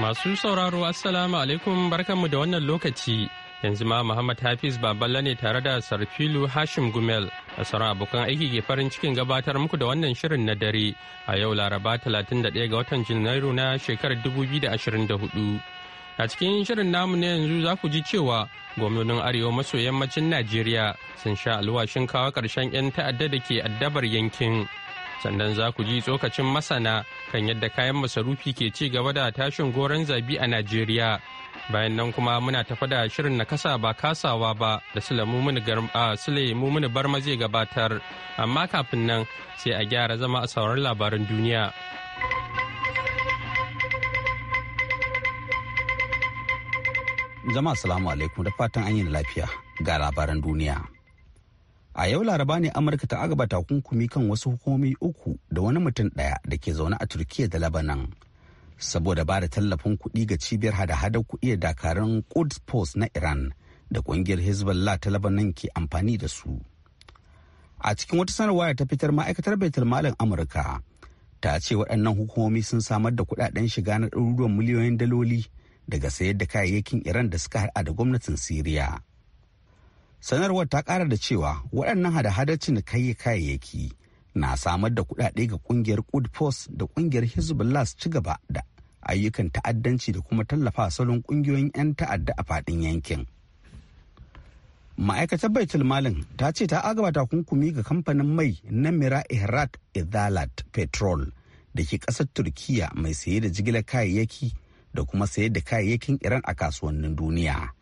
Masu sauraro Assalamu alaikum barkanmu da wannan lokaci. Yanzu ma Muhammad Hafiz Baballa ne tare da Sarfilu Hashim Gumel a sauran abokan aiki ke farin cikin gabatar muku da wannan shirin na dare a yau Laraba 31 ga watan Janairu na shekarar 2024. A cikin shirin namu na yanzu za ku ji cewa gwamnonin Arewa maso yammacin Najeriya sun sha alwashin kawo ƙarshen 'yan ta'adda da ke addabar yankin. sannan za ku ji tsokacin masana kan yadda kayan masarufi ke ci gaba da tashin goron zabi a najeriya bayan nan kuma muna tafa da shirin na kasa ba kasawa ba da sule mumuni barma zai gabatar amma kafin nan sai a gyara zama a sauran labaran duniya jama'a salamu alaikum da fatan an yi lafiya ga labaran duniya a yau laraba ne amurka ta agaba takunkumi kan wasu hukumomi uku da wani mutum ɗaya da ke zaune a turkiya da labanan saboda ba da tallafin kuɗi ga cibiyar hada-hadar kuɗi da dakarun Quds post na iran da ƙungiyar hezbollah ta labanan ke amfani da su a cikin wata sanarwa da ta fitar ma'aikatar baitul malam amurka ta ce waɗannan hukumomi sun samar da kuɗaɗen shiga na ɗaruruwan miliyoyin daloli daga sayar da kayayyakin iran da suka haɗa da gwamnatin siriya sanarwar ta kara da cewa waɗannan hada-hadar cinikayya kayayyaki na samar da kuɗaɗe ga ƙungiyar post da ƙungiyar Hezbollah su ci gaba da ayyukan ta'addanci da kuma tallafa salon ƙungiyoyin 'yan ta'adda a faɗin yankin. Ma'aikatar Baitul Malin ta ce ta agaba takunkumi ga kamfanin mai na Mira Ihrat izalat Petrol da ke ƙasar Turkiya mai saye da jigilar kayayyaki da kuma sayar da kayayyakin Iran a kasuwannin duniya.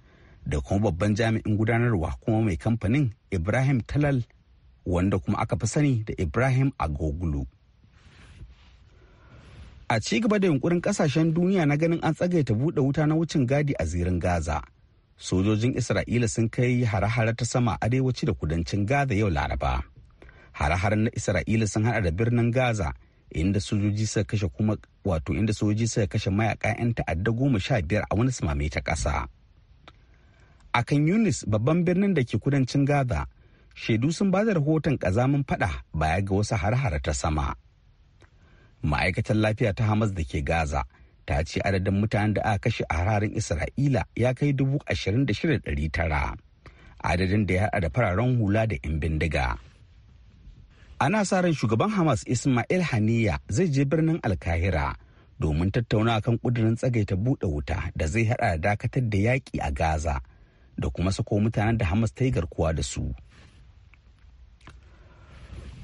da kuma babban jami'in gudanarwa kuma mai kamfanin ibrahim talal wanda kuma aka fi sani da ibrahim agogulu. a ci gaba da yunkurin kasashen duniya na ganin an tsagaita buɗe wuta na wucin gadi a zirin gaza sojojin isra'ila sun kai hare-hare ta sama arewaci da kudancin gaza yau laraba hare-haren na isra'ila sun hada da birnin gaza inda sojoji suka kashe kuma wato inda sojoji suka kashe mayaka 'yan ta'adda goma sha biyar a wani sumame ta ƙasa a kan yunis babban birnin da ke kudancin gaza shaidu sun ba da rahoton kazamin fada baya ga wasu har hare ta sama ma'aikatar lafiya ta hamas da ke gaza ta ce adadin mutanen da aka kashe a hararin isra'ila ya kai dubu ashirin da shida ɗari tara adadin da ya haɗa da fararen hula da 'yan bindiga ana sa ran shugaban hamas ismail haniya zai je birnin alkahira domin tattauna kan ƙudurin tsagaita buɗe wuta da zai haɗa da dakatar da yaƙi a gaza da kuma sako mutanen da hamas ta yi garkuwa da su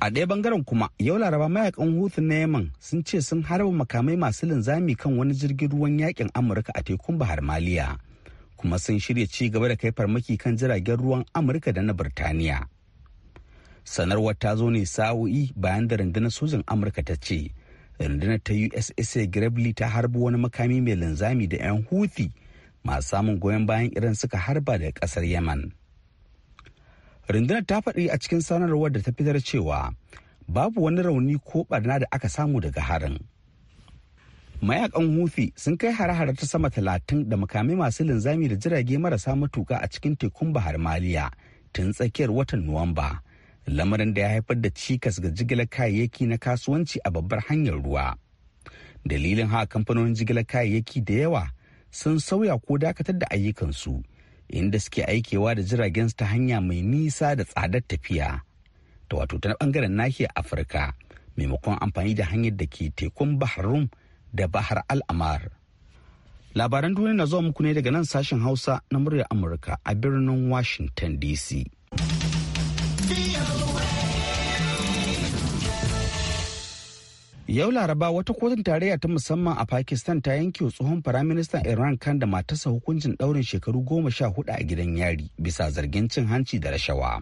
a ɗaya bangaren kuma yau laraba mayakan hutu na yaman sun ce sun harba makamai masu linzami kan wani jirgin ruwan yakin amurka a tekun bahar maliya kuma sun shirya ci gaba da kai farmaki kan jiragen ruwan amurka da na birtaniya sanarwar ta zo ne sa'o'i bayan da rundunar sojin amurka ta ce rundunar ta ussa gravely ta harbi wani makami mai linzami da 'yan Houthi. masu samun goyon bayan irin suka harba da kasar yaman rundunar ta faɗi a cikin sanarwar da ta fitar cewa babu wani rauni ko barna da aka samu daga harin mayakan hufi sun kai hare-hare ta sama talatin da makamai masu linzami da jirage marasa matuka a cikin tekun bahar maliya tun tsakiyar watan nuwamba lamarin da ya haifar da cikas ga jigilar kayayyaki na kasuwanci a babbar hanyar ruwa dalilin haka kamfanonin jigilar kayayyaki da yawa sun sauya ko dakatar da ayyukansu inda suke aikewa da jiragen ta hanya mai nisa da tsadar tafiya ta wato ta bangaren nahiyar afirka maimakon amfani da hanyar da ke tekun bahar rum da bahar al'amar labaran duniya na zuwa muku ne daga nan sashen hausa na muryar amurka a birnin washington dc Yau Laraba wata kotun tarayya ta musamman a Pakistan ta yanke tsohon firaministan Iran kan da matarsa hukuncin ɗaurin shekaru goma sha hudu a gidan yari bisa zargin cin hanci da rashawa.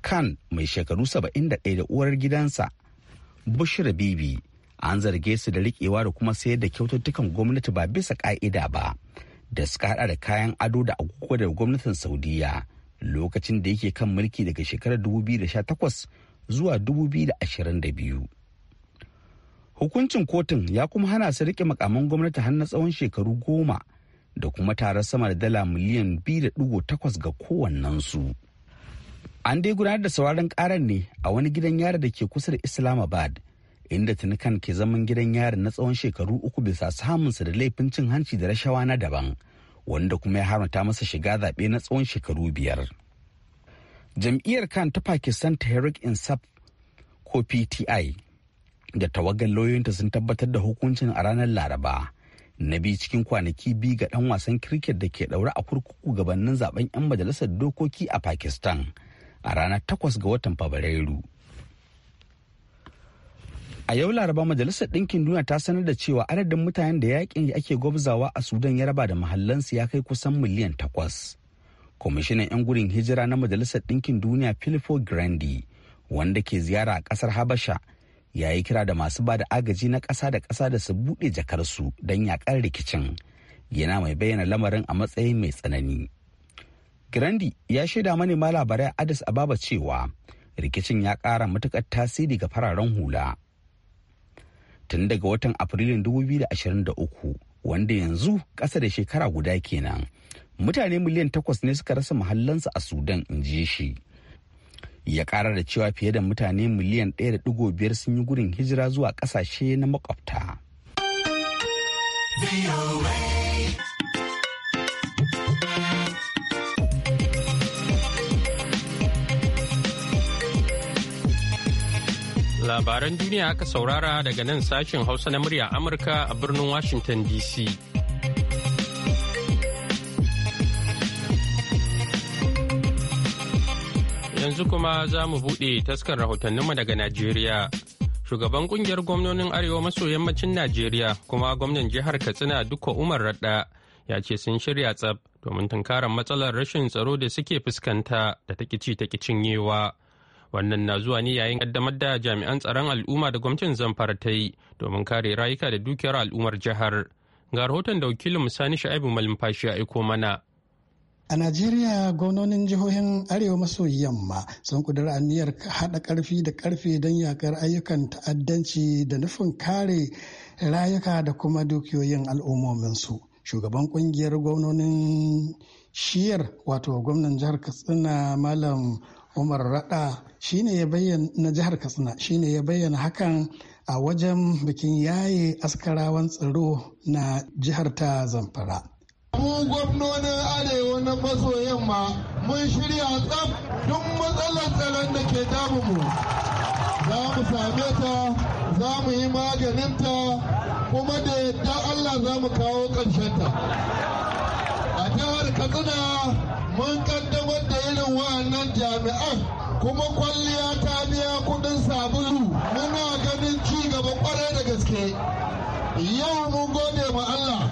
Khan mai shekaru saba'in da ɗaya da uwar gidansa Bushra Bibi an zarge su da riƙewa da kuma sayar da kyaututtukan gwamnati ba bisa ƙa'ida ba da suka haɗa da kayan ado da agogo daga gwamnatin saudiyya lokacin da yake kan mulki daga shekarar 2018 zuwa 2022. hukuncin kotun ya kuma hana su rike makaman gwamnati har na tsawon shekaru goma da kuma tare sama da dala miliyan 2.8 ga kowannensu an dai gudanar da sauraron karar ne a wani gidan yari da ke kusa da islamabad inda tunikan ke zaman gidan yari na tsawon shekaru uku bisa samunsa da laifin cin hanci da rashawa na daban wanda kuma ya haramta masa shiga zaɓe na tsawon shekaru biyar jam'iyyar kan ta pakistan tehrik insaf ko pti da tawagar lauyoyinta sun tabbatar da hukuncin a ranar laraba na biyu cikin kwanaki biyu ga dan wasan kirket da ke daure a kurkuku gabanin zaben 'yan majalisar dokoki a pakistan a ranar takwas ga watan fabrairu a yau laraba majalisar ɗinkin duniya ta sanar da cewa adadin mutanen da yakin da ake gwabzawa a sudan ya raba da mahallansu ya kai kusan miliyan takwas kwamishinan 'yan gudun hijira na majalisar ɗinkin duniya filifo grandi wanda ke ziyara a ƙasar habasha ya yi kira da masu ba da agaji na ƙasa da ƙasa da su buɗe jakarsu don yaƙar rikicin yana mai bayyana lamarin a matsayin mai tsanani grandi ya shaida manema labarai addis ababa cewa rikicin ya ƙara matuƙar tasiri ga fararen hula tun daga watan afrilun 2023 wanda yanzu ƙasa da shekara guda kenan mutane miliyan takwas ne suka rasa mahallansu a sudan in ji shi ya ƙara da cewa fiye da mutane miliyan 1.5 sun yi gurin hijira zuwa ƙasashe na makwabta. Labaran duniya aka saurara daga nan sashen Hausa na murya Amurka a birnin Washington DC. Yanzu kuma za mu buɗe taskar rahotanninmu daga Najeriya. Shugaban kungiyar gwamnonin Arewa maso yammacin Najeriya kuma gwamnan jihar Katsina Dukko Umar Radda ya ce sun shirya tsab domin tunkarar matsalar rashin tsaro da suke fuskanta da ta kici ta cinyewa. Wannan na zuwa ne yayin kaddamar da jami'an tsaron al'umma da gwamnatin Zamfara ta yi domin kare rayuka da dukiyar al'ummar jihar. Ga rahoton da wakilin Sani Sha'ibu Malumfashi ya aiko mana. A Najeriya gwamnonin jihohin Arewa maso yamma sun kudura aniyar haɗa karfi da ƙarfe don yakar ayyukan ta'addanci da nufin kare rayuka da kuma dukiyoyin al'ummominsu. Shugaban ƙungiyar gwamnonin shiyar wato gwamnan jihar Katsina Malam Umar Rada shine ya bayyana na jihar Katsina shine ya bayyana hakan a wajen bikin yaye askarawan tsaro na jihar ta Zamfara. Mu gwamnonin arewa na maso yamma mun shirya tsaf duk matsalar tsaron da ke mu Za mu same ta, za mu yi maganinta, kuma da yadda Allah za mu kawo ƙarshenta. A jihar Katsina mun kaddamar da irin wa'annan jami'an kuma kwalliya ta biya kudin sabulu muna ganin ci gaba kwarai da gaske. Yau mun gode ma Allah.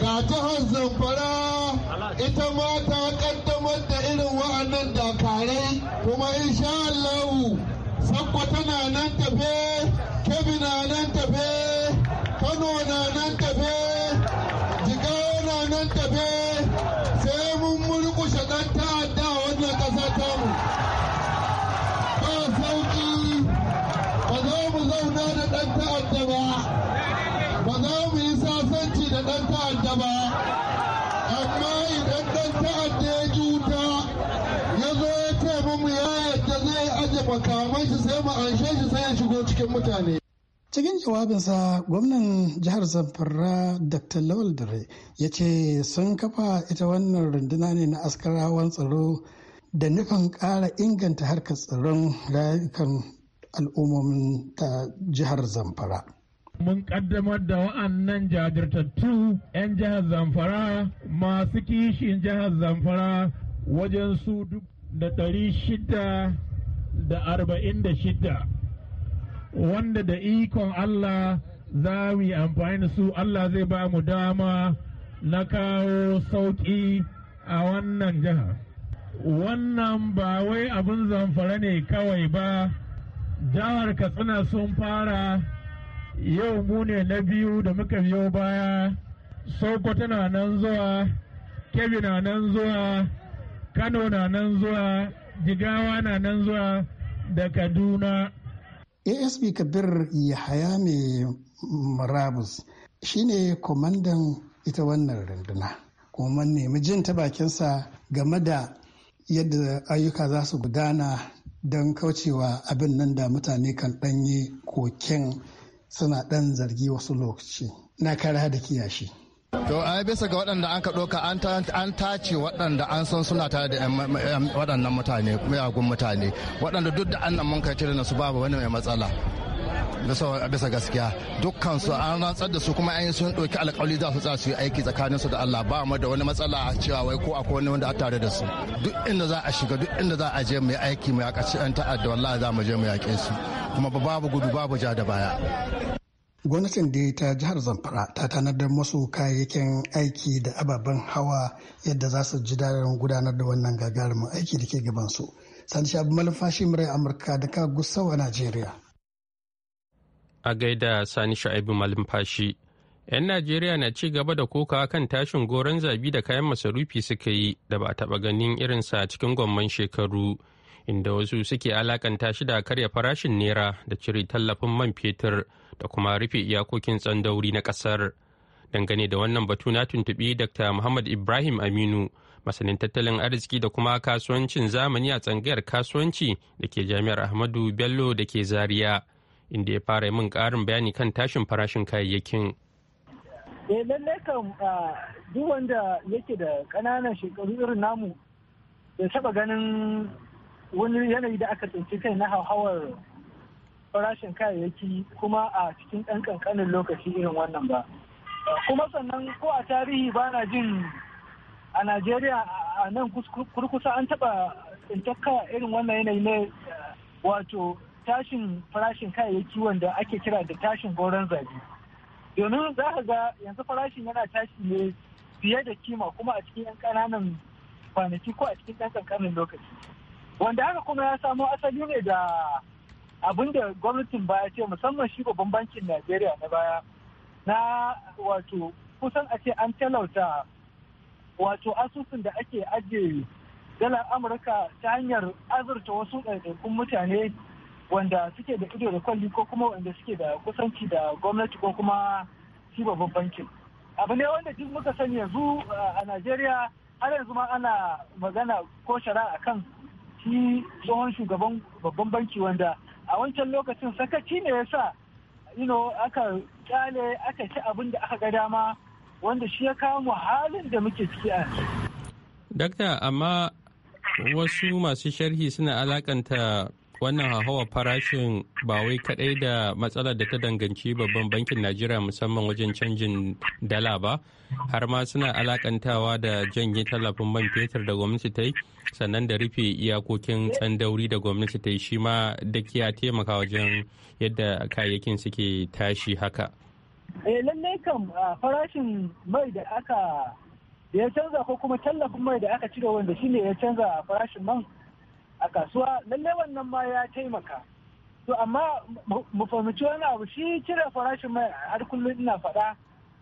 ga jihar zamfara ita ma ta kaddamar da irin wa'annan dakarai kuma insha Allahu sakwa tana nan tafe kebi na nan tafe kano na nan tafe jigawa na nan tafe makaman su sai mu anshe shi sai ya shigo cikin mutane cikin jawabinsa gwamnan jihar zamfara dr lawal dare ya ce sun kafa ita wannan runduna ne na askarawan tsaro da nufin ƙara inganta harkar tsaron rayukan al'ummomin ta jihar zamfara mun kaddamar da wa'annan jajirtattu 'yan jihar zamfara masu kishin jihar zamfara wajen su duk da ɗari shida da arba'in da shida wanda da ikon Allah za mu yi amfani da su Allah zai ba mu dama na kawo sauƙi a wannan jiha. Wannan ba wai abin zamfara ne kawai ba, jihar Katsina sun fara yau mu ne na biyu da muka biyo baya, Sokoto na nan zuwa, Kebbi na nan zuwa, Kano na nan zuwa, jigawa na nan zuwa da kaduna asb kabir yahaya mai marabus shine kwamandan ita wannan runduna kuma nemi jin ta bakinsa game da yadda ayyuka za su gudana don kaucewa abin nan da mutane kan ɗanyi koken suna ɗan zargi wasu lokaci na kara da kiyashi. To ai bisa ga waɗanda an ka ɗauka an tace waɗanda an san suna tare da waɗannan mutane miyagun mutane waɗanda duk da annan mun kai cire na su babu wani mai matsala. bisa gaskiya dukkan su an rantsar da su kuma an yi sun ɗauki alƙawari za su tsaya su yi aiki tsakanin su da Allah ba mu da wani matsala a cewa wai ko akwai wani wanda a tare da su duk inda za a shiga duk inda za a je mu yi aiki mu yaƙaci 'yan ta'adda wallahi za mu je mu yaƙe su kuma babu gudu babu ja da baya. gwamnatin da ta jihar zamfara ta tanadar masu kayayyakin aiki da ababen hawa yadda za su ji daɗin gudanar da wannan gagarumin aiki da ke gabansu sani shabu malumfashi murai amurka da ka gusau a najeriya a gaida sani sha'ibu malumfashi 'yan najeriya na ci gaba da kokawa kan tashin goron zabi da kayan masarufi suka yi da ba a taɓa ganin irinsa cikin gwamman shekaru inda wasu suke alakanta shi da karya farashin nera da cire tallafin man fetur da kuma rufe iyakokin tsandauri na kasar dangane da wannan batu na tuntubi dr muhammad ibrahim aminu masanin tattalin arziki da kuma kasuwancin zamani a tsangayar kasuwanci da ke jami'ar ahmadu bello da ke zaria inda ya fara min karin bayani kan tashin farashin kayayyakin eh lallai kan yake da ƙananan shekaru irin namu da taɓa ganin wani yanayi da aka tsinci kai na hauhawar farashin kayayyaki kuma a cikin ɗan ƙanƙanin lokaci irin wannan ba kuma sannan ko a tarihi ba na jin a najeriya a nan kurkusa an taɓa tsintakka irin wannan yanayi ne wato tashin farashin kayayyaki wanda ake kira da tashin goron zabi domin za ka ga yanzu farashin yana tashi ne fiye da kima kuma a cikin 'yan ƙananan kwanaki ko a cikin ɗan ƙanƙanin lokaci wanda haka kuma ya samo asali ne da abin da gwamnatin baya ce musamman shi babban bankin najeriya na baya na wato kusan a ce an talauta wato asusun da ake ajiye dalar amurka ta hanyar azurta wasu ɗaiɗaikun mutane wanda suke da ido da kwalli ko kuma wanda suke da kusanci da gwamnati ko kuma shi babban bankin abu ne wanda duk muka sani yanzu a najeriya har yanzu ma ana magana ko shara a kan shi tsohon shugaban babban banki wanda a wancan lokacin sakaci ne ya sa ino aka kyale aka ci abin da aka ga dama wanda shi ya kawo halin da muke ciki a Dakta amma wasu masu sharhi suna alakanta wannan hauhawar farashin ba wai kadai da matsalar da ta danganci babban bankin najeriya musamman wajen canjin dala ba har ma suna alakantawa da janye tallafin man fetur da gwamnati ta yi sannan da rufe iyakokin tsandauri da gwamnati ta yi shi ma da kiya taimaka wajen yadda kayayyakin suke tashi haka eh, lallai kam farashin mai da aka ya canza ko kuma tallafin mai da aka cire wanda shine ya canza farashin man a kasuwa lallai wannan ma ya taimaka to amma mu fahimci wani abu shi cire farashin mai har kullum ina faɗa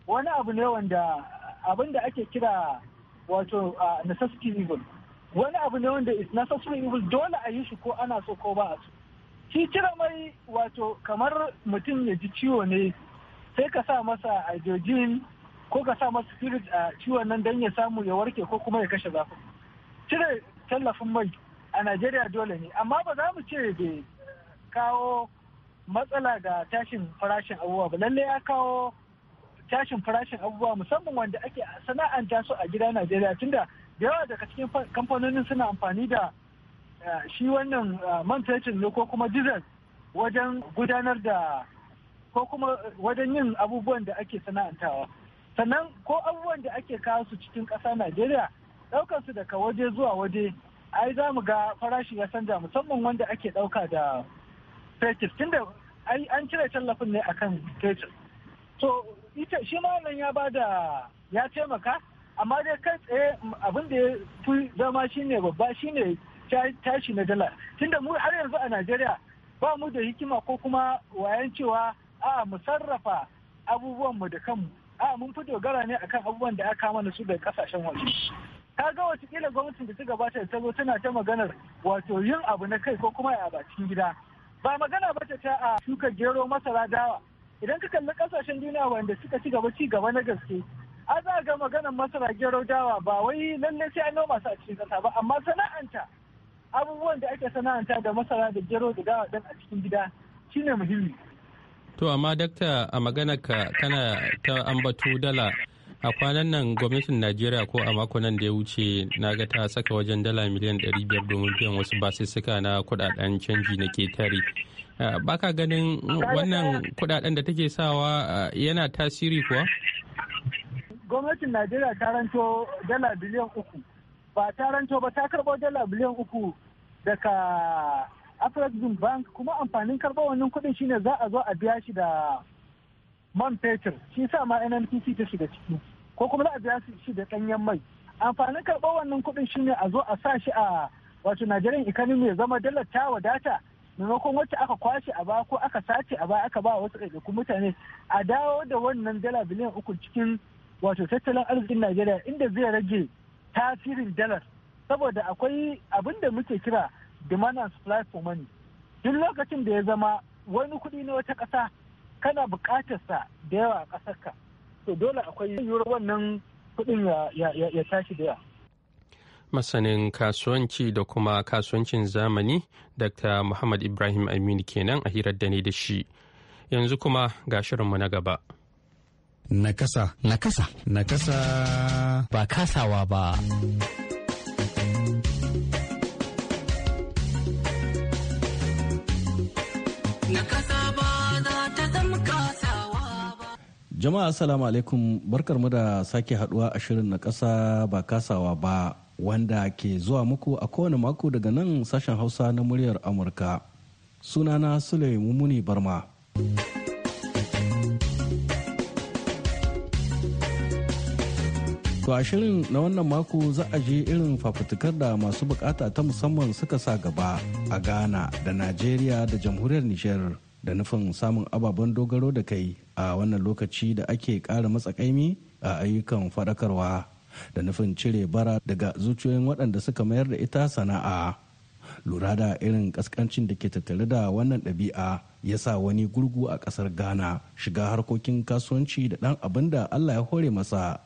wani abu ne wanda abin da ake kira wato necessity evil wani abu ne wanda is necessary evil dole a yi shi ko ana so ko ba a so shi cire mai wato kamar mutum ya ji ciwo ne sai ka sa masa hydrogen ko ka sa masa spirit a ciwon nan don ya samu ya warke ko kuma ya kashe zafin cire tallafin mai a najeriya dole ne amma ba za mu ce bai kawo matsala ga tashin farashin abubuwa ba lallai ya kawo tashin farashin abubuwa musamman wanda ake sana'anta su a gida najeriya tunda da yawa daga cikin kamfanonin suna amfani da eh, shi wannan eh, man fetur ne ko kuma diesel wajen gudanar da ko kuma wajen yin abubuwan da ake sana'antawa sannan ko abubuwan da ake kawo su cikin ƙasa najeriya ɗaukar su daga waje zuwa waje ai za mu ga farashi ya canja musamman wanda ake ɗauka da fetis tunda an cire tallafin ne akan fetis to ita shi malam ya bada ya taimaka amma dai kai tsaye abin da ya fi zama shine babba shine tashi na dala tunda mu har yanzu a najeriya ba mu da hikima ko kuma wayan cewa a mu sarrafa abubuwan mu da kanmu a mun fi dogara ne akan abubuwan da aka mana su da kasashen waje ka ga kila gwamnatin da ta gabata da taro tana ta maganar wato yin abu na kai ko kuma a bakin gida ba magana ba ta a shuka gero masara dawa idan ka kalli kasashen duniya wanda suka ci gaba ci gaba na gaske a za ga maganar masara gero dawa ba wai lallai sai an noma su a cikin kasa ba amma sana'anta abubuwan da ake sana'anta da masara da gero da dawa dan a cikin gida shine muhimmi To amma dakta a maganar ka kana ta ambato dala a kwanan nan gwamnatin najeriya ko a mako nan da ya wuce na ga ta saka wajen dala miliyan 500 domin biyan wasu basussuka na kudaden canji na ketare baka ganin wannan kudaden da take sawa yana tasiri kuwa gwamnatin najeriya ta ranto dala biliyan uku ba ta ranto ba ta karbo dala biliyan uku daga afrexim bank kuma amfanin karbo wannan kudin shine za a zo a biya shi da man fetur shi sa ma nnpc ta shiga ciki ko kuma za a biya shi da ɗanyen mai amfanin karɓar wannan kuɗin shine a zo a sa shi a wato Najeriya economy ya zama dalar ta wadata maimakon wacce aka kwashe a ba ko aka sace a ba aka ba wasu ɗaiɗaikun mutane a dawo da wannan dala biliyan uku cikin wato tattalin arzikin Najeriya inda zai rage tasirin dalar saboda akwai abin da muke kira demand and supply for money duk lokacin da ya zama wani kuɗi na wata ƙasa kana buƙatar sa da yawa a ka. to dole akwai yiwuwar wannan kuɗin ya tashi da masanin kasuwanci da kuma kasuwancin zamani dr muhammad ibrahim aminu kenan a hirar da ne da shi yanzu kuma ga shirinmu na gaba nakasa nakasa nakasa ba kasawa ba nakasa Jama'a assalamu alaikum mu da sake haduwa a shirin na kasa ba kasawa ba wanda ke zuwa muku a kowane mako daga nan sashen Hausa na muryar Amurka. Sunana Sule Mumuni Barma. To a shirin na wannan mako za a je irin fafutukar da masu bukata ta musamman suka sa gaba a Ghana da Najeriya da jamhuriyar Nijar da nufin samun ababen dogaro da kai a wannan lokaci da ake ƙara matsakaimi a ayyukan faɗakarwa da nufin cire bara daga zuciyoyin waɗanda suka mayar da ita sana'a lura da irin ƙasƙancin da ke tattare da wannan ɗabi'a ya sa wani gurgu a ƙasar ghana shiga harkokin kasuwanci da ɗan abin da allah ya hore masa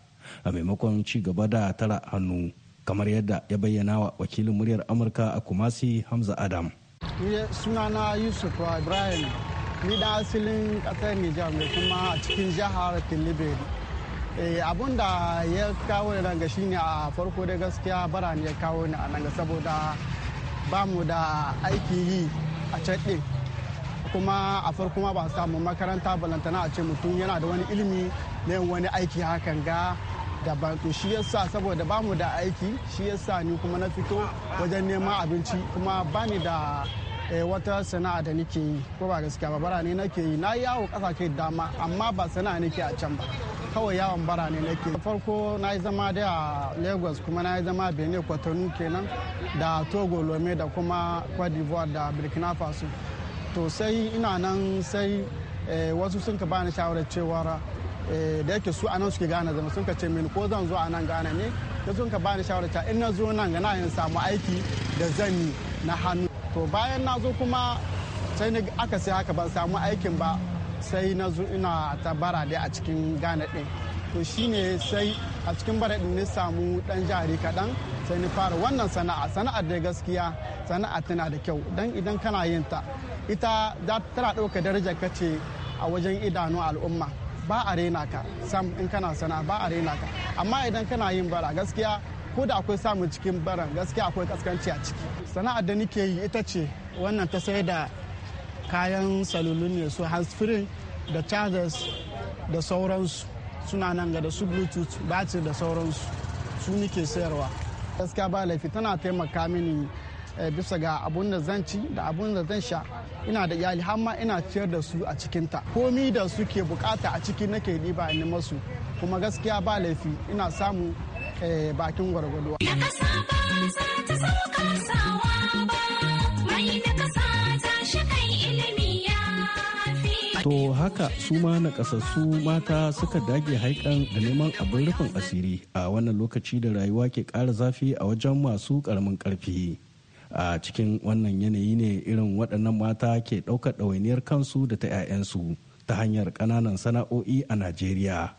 a maimakon ci gaba da tara hannu kamar yadda ya bayyana wa wakilin muryar amurka a kumasi hamza adam sunana yusuf ibrahim ni da asalin kasar nijar mai kuma a cikin jihar tilibiri eh, abun da ya kawo ni ranga shine a farko da gaskiya bara ne ya kawo ni a nan saboda ba mu da aiki yi a can kuma a farko ma ba samu makaranta balantana a ce mutum yana da wani ilimi na wani aiki hakan ga daban to shi yasa saboda ba mu da aiki shi yasa ni kuma na fito wajen neman abinci kuma ba ni da Eh, wata sana'a da nake yi ko ba gaskiya ba barane nake yi na yawo kasashe dama amma ba sana'a nake a can ba kawai yawon barane ne nake farko na yi zama da a lagos kuma na yi zama benin kwatano kenan da togo lome da kuma cote d'ivoire da burkina faso to sai ina nan sai eh, wasu sun ka bani shawarar cewar eh, da yake su anan suke gane zama sun ka ce mini ko zan zo a nan gane ne da sun ka bani shawarar cewa in na zo nan ga na yin samu aiki da zan yi na hannu to bayan na zo kuma sai na aka sai haka ban samu aikin ba sai na zo ina ta bara dai a cikin gane din to shine sai a cikin bara din ne samu dan jari kaɗan sai ni fara wannan sana'a sana'ar da gaskiya sana'a tana da kyau dan idan kana yin ta ita za tana ɗauka daraja ka ce a wajen idanu al'umma ba a rena ka sam in kana sana'a ba a rena ka amma idan kana yin bara gaskiya ko da akwai samun cikin baran gaskiya akwai kaskanci a ciki sana'ar da nike yi ita ce wannan ta sai da kayan salulun ne su free da chargers da sauransu suna nan ga da su bluetooth batir da sauransu su nike sayarwa gaskiya ba laifi tana taimaka mini eh, bisa ga abun da zan ci da abun da zan sha ina da iyali har ma ina ciyar da su a cikinta komi da suke bukata a ciki nake ɗiba ni masu kuma gaskiya ba laifi ina samu Eh, bakin gwargwado. To haka su ma na nakasassu mata suka dage haikan da neman abin rufin asiri a wannan lokaci da rayuwa ke ƙara zafi a wajen masu ƙaramin ƙarfi. A cikin wannan yanayi ne irin waɗannan mata ke ɗaukar ɗawainiyar kansu da ta 'ya'yansu ta hanyar ƙananan sana'o'i a Najeriya.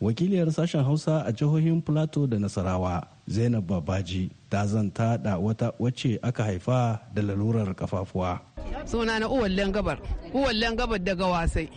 wakiliyar sashen hausa a jihohin plateau da nasarawa zainab babaji ta zanta da wata wacce aka haifa da lalurar kafafuwa suna na uwallen gabar uwallen gabar daga wasai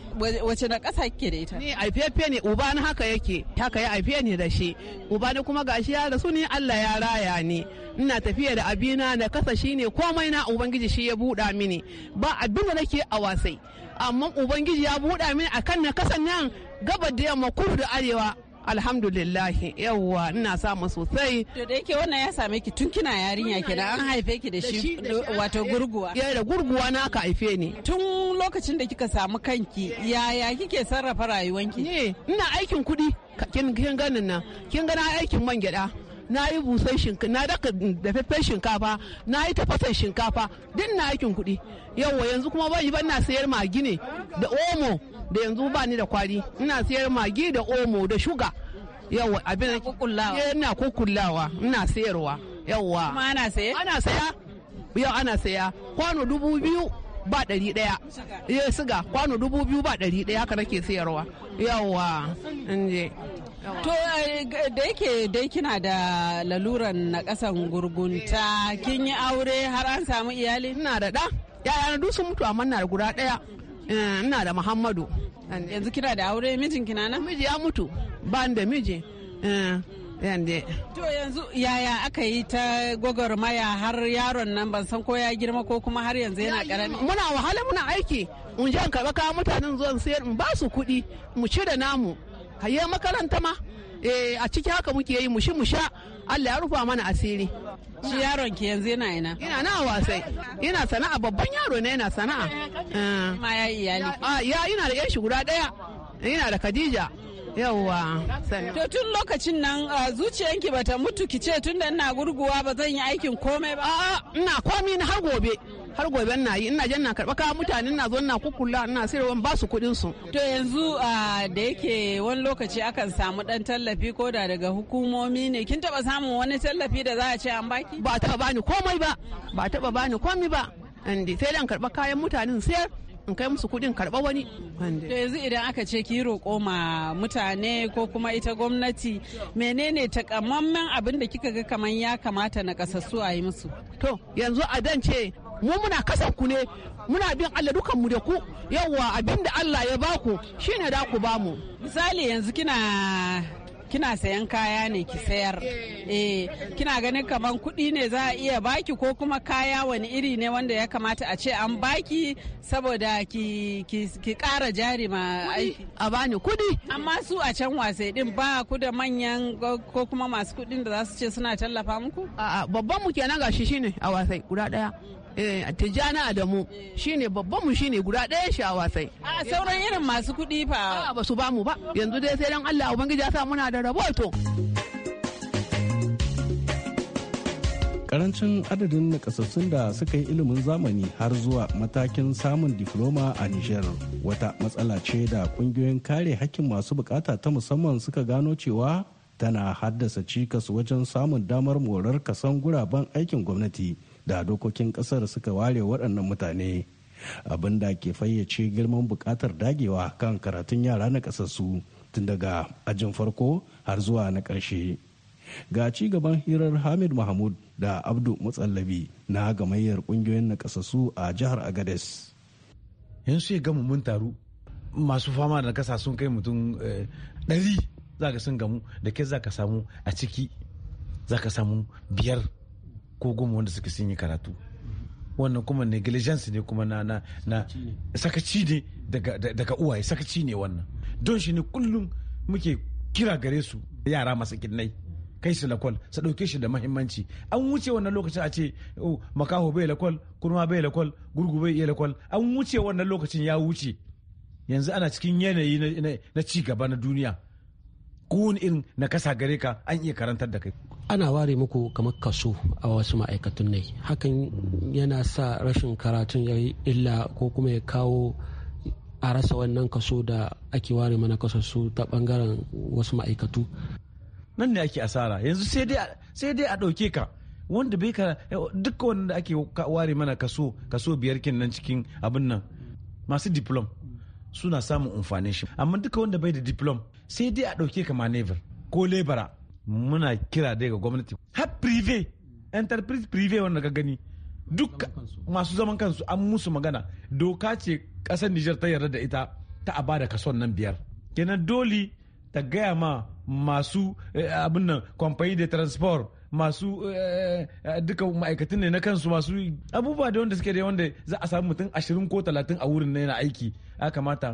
wace na ƙasa ke da ita ni aifefe ne uba na haka yake haka ya aife ne da shi uba ne kuma gashi ya rasu ni Allah ya raya ne ina tafiya da abina na kasa shine komai na ubangiji shi ya buɗa mini ba abin da nake a wasai amma ubangiji ya buɗa mini akan na kasan nan gaba da yamma kudu da arewa alhamdulillah yawwa ina samu sosai to da yake wannan ya same ki tun kina yarinya da an haife ki da shi wato gurguwa ya da gurguwa na ka haife ni tun lokacin da kika samu kanki yaya kike sarrafa rayuwanki ne ina aikin kuɗi kin ganin nan kin gana aikin man gyada na yi busan shinkafa na daka dafaffen shinkafa na yi tafasan shinkafa duk na aikin kuɗi yawa yanzu kuma bari ban na sayar magi ne da omo da yanzu ba ni da kwari ina sayar magi da omo da shuga yawa abin ina kukullawa eh, ina sayarwa yawa kuma ana saya ana saya yau ana saya kwano dubu biyu ba ɗari ɗaya ya siga eh, kwano dubu biyu ba ɗari ɗaya haka nake sayarwa yawa inje To eh, da yake dai kina da laluran na kasan gurgunta kin yi aure har an samu iyali? Ina da ɗa. Ya'ya na sun mutu amma na da guda ɗaya. Eh, ina da Muhammadu. Yanzu kina da aure mijin kina nan? Miji ya mutu. Ba da miji. Eh, to yanzu yaya aka yi ta gwagwarmaya har yaron nan ban san ko ya girma ko kuma har yanzu yana karami muna wahala muna aiki in je in karɓa kawo mutanen zuwan sayar in ba su kuɗi mu cire namu ka yi makaranta ma eh, a ciki haka muke yi mushi musha Allah ya rufa mana asiri shi yaron ki yanzu yana ina ina na wasai ina sana'a babban yaro ne yana sana'a ma ya iyali a ah, ya ina da yan shi guda daya ina da Khadija Yawwa. To tun lokacin nan uh, zuciyanki bata mutu ki ce tun da ina gurguwa ba zan yi aikin komai ba. a ina komi na har gobe. har gobe na yi ina jan na karba ka mutane na zo ina kukula ina sirwa ba su kuɗin su. To yanzu uh, da yake wani lokaci akan samu dan tallafi ko da daga hukumomi ne kin taba samun wani tallafi da za a ce an baki? Ba taba bani komai ba ba taɓa bani komai ba. Andi sai dan karba kayan mutanen sayar in kai musu kuɗin karɓa wani. To yanzu idan aka ce ki roƙo ma mutane ko kuma ita gwamnati menene takamaiman abin da kika ga kamar ya kamata na kasassu a yi musu. To yanzu a dan ce mu muna kasan ku ne muna bin Allah dukan mu da ku yawa abin da Allah ya baku shine da ku bamu. Misali yanzu kina kina sayan kaya ne ki sayar eh kina ganin kaman kuɗi ne za a iya baki ko kuma kaya wani iri ne wanda ya kamata a ce an baki saboda ki ki ƙara jari ma aiki a bani kuɗi amma su a can wasai din ba ku da manyan ko kuma masu kuɗin da za su ce suna tallafa muku a'a babban mu kenan gashi shine a wasai guda ɗaya da eh, adamu shine babban mu shine guda ɗaya shi a a sauran irin masu kuɗi fa a ba su ba mu ba yanzu dai sai dan Allah ubangiji ya sa muna da raboto karancin adadin nakasassun da suka yi ilimin zamani har zuwa matakin samun difloma a Nijar wata matsala ce da kungiyoyin kare hakkin masu bukata ta musamman suka gano cewa tana haddasa cikas wajen samun damar morar kasan guraben aikin gwamnati da dokokin kasar suka ware waɗannan mutane abin da ke fayyace girman buƙatar dagewa kan karatun yara na ƙasassu tun daga ajin farko har zuwa na ƙarshe ga ci gaban hirar hamid mahmud da abdu mutsallabi na gamayyar ƙungiyoyin na ƙasassu a jihar agades yanzu ya gamu mun taru masu fama da kasa sun kai mutum eh, ɗari za ka sun gamu da ke za ka samu a ciki za ka samu biyar ko goma wanda suka sun yi karatu wannan kuma negligence ne kuma na sakaci ne daga uwaye sakaci ne wannan don shi ne kullum muke kira gare su yara masu kinnai kai su lakwal su ɗauke shi da mahimmanci an wuce wannan lokacin a ce oh, makaho bai lakwal kurma bai lakwal gurgu bai iya lakwal an wuce wannan lokacin ya wuce yanzu ana cikin yanayi na ci gaba na duniya kowane irin na kasa gare ka an iya karantar da kai ana ware muku kamar kaso a wasu ma'aikatun ne hakan yana sa rashin karatun ya yi illa ko kuma ya kawo a rasa wannan kaso da ake ware mana kasassu ta bangaren wasu ma'aikatu nan ne ake asara yanzu sai dai a ɗauke ka wanda bai ka duka wanda ake ware mana kaso kaso biyar kin nan cikin abin nan masu diplom suna samun amfanin shi amma duka wanda bai da diplom sai dai a ɗauke ka manevar ko lebara muna kira dai ga gwamnati har prive enterprise prive wanda ka gani duk masu zaman kansu an musu magana doka ce kasar Nijar ta yarda da ita ta a bada kaso nan biyar kenan dole ta gaya ma masu eh, abin nan kwamfani da transport masu eh, eh, duka ma'aikatan ne na kansu masu abubuwa da wanda suke da wanda za a samu mutum ashirin ko talatin a wurin na yana aiki a kamata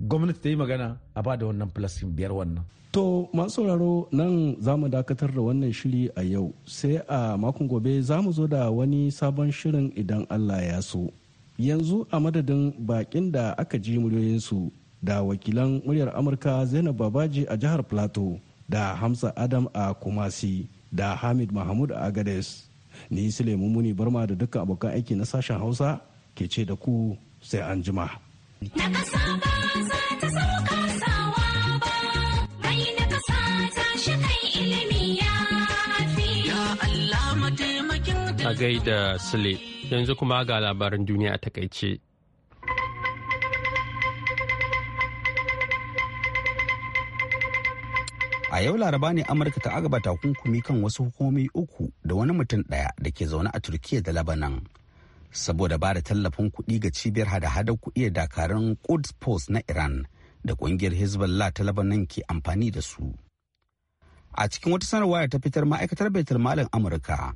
gwamnati ta yi magana a ba da wannan filastin biyar wannan. To masu sauraro nan za mu dakatar da wannan shiri a yau sai a makon gobe za mu zo da wani sabon shirin idan Allah ya so. Yanzu a madadin bakin da aka ji muryoyinsu da wakilan muryar Amurka Zainab Babaji a jihar Plateau da Hamza Adam a Kumasi da Hamid Mahmud a Agades. Ni Sule muni Barma da dukkan abokan aiki na sashen Hausa ke ce da ku sai an jima. A gaida Sule, yanzu kuma ga labarin duniya a takaice. A yau laraba ne Amurka ta agaba takunkumi kan wasu hukumomi uku da wani mutum ɗaya da ke zaune a Turkiyya da Labanan. saboda ba da tallafin kuɗi ga cibiyar hada hada kuɗi da dakarun Quds Post na Iran da ƙungiyar Hezbollah ta Lebanon ke amfani da su. A cikin wata sanarwa da ta fitar ma'aikatar Baitul Malin Amurka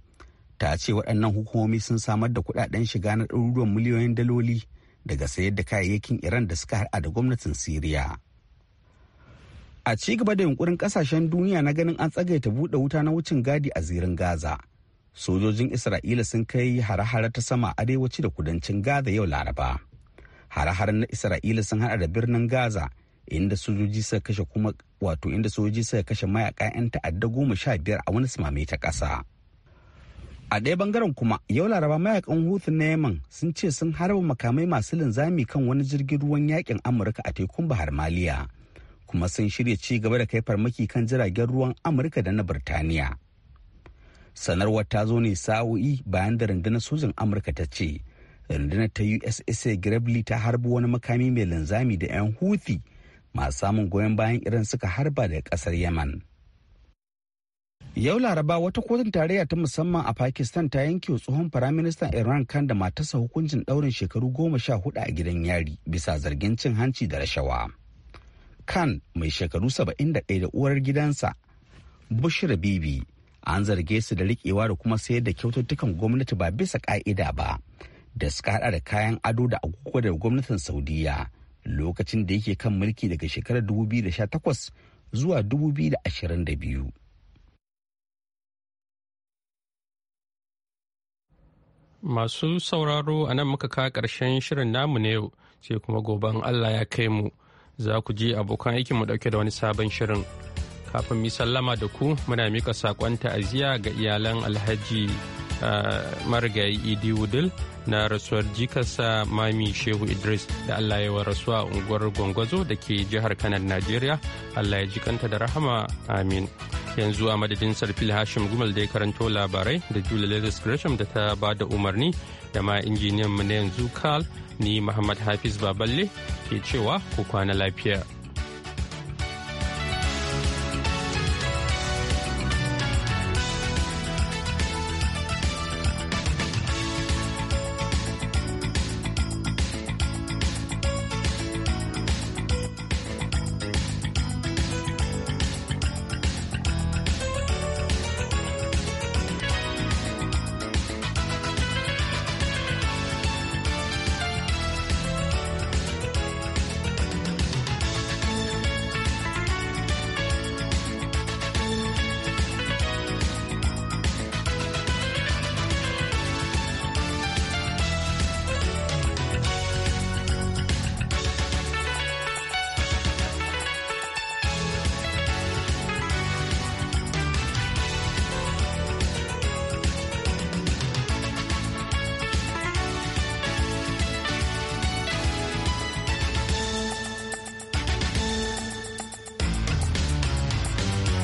ta ce waɗannan hukumomi sun samar da kuɗaɗen shiga na ɗaruruwan miliyoyin daloli daga sayar da kayayyakin Iran da suka haɗa da gwamnatin Siriya. A ci gaba da yunkurin ƙasashen duniya na ganin an tsagaita buɗe wuta na wucin gadi a zirin Gaza. sojojin isra'ila sun kai hare-hare ta sama arewaci da kudancin gaza yau laraba hare hare na isra'ila sun hada da birnin gaza inda sojoji suka kashe kuma wato inda sojoji suka kashe mayaka 'yan ta'adda goma sha biyar a wani sumame ta kasa. a ɗaya bangaren kuma yau laraba mayakan hutu na yaman sun ce sun harba makamai masu linzami kan wani jirgin ruwan yakin amurka a tekun bahar maliya kuma sun shirya ci gaba da kai farmaki kan jiragen ruwan amurka da na birtaniya sanarwar ta zo ne sa'o'i bayan da rundunar sojin amurka ta ce rundunar ta ussa gravely ta harbi wani makami mai linzami da 'yan houthi masu samun goyon bayan irin suka harba da kasar yaman yau laraba wata kotun tarayya ta musamman a pakistan ta yanke tsohon firaministan iran kan da matarsa hukuncin daurin shekaru goma sha hudu a gidan yari bisa zargin cin hanci da rashawa kan mai shekaru 71 da uwar gidansa bushra bibi an zarge su da riƙewa da kuma sayar da kyaututtukan gwamnati ba bisa ƙa'ida ba da suka hada da kayan ado da agogo da gwamnatin saudiya lokacin da yake kan mulki daga shekarar 2018 zuwa biyu. Masu sauraro a nan muka kawo karshen shirin namu na yau sai kuma goben Allah ya kai mu za ku ji abokan aikinmu dauke da wani sabon shirin. kafin mi sallama da ku muna mika saƙon ta'aziyya ga iyalan alhaji eh, marigayi idi wudil na rasuwar jikarsa mami shehu idris da allah ya wa rasuwa unguwar gwangwazo da ke jihar kanar najeriya allah ya jikanta da rahama amin yanzu a madadin sarfil hashim gumal da ya karanto labarai da julia lewis gresham da ta ba da umarni da ma injiniyan mu na yanzu karl ni muhammad hafiz baballe ke cewa ku kwana lafiya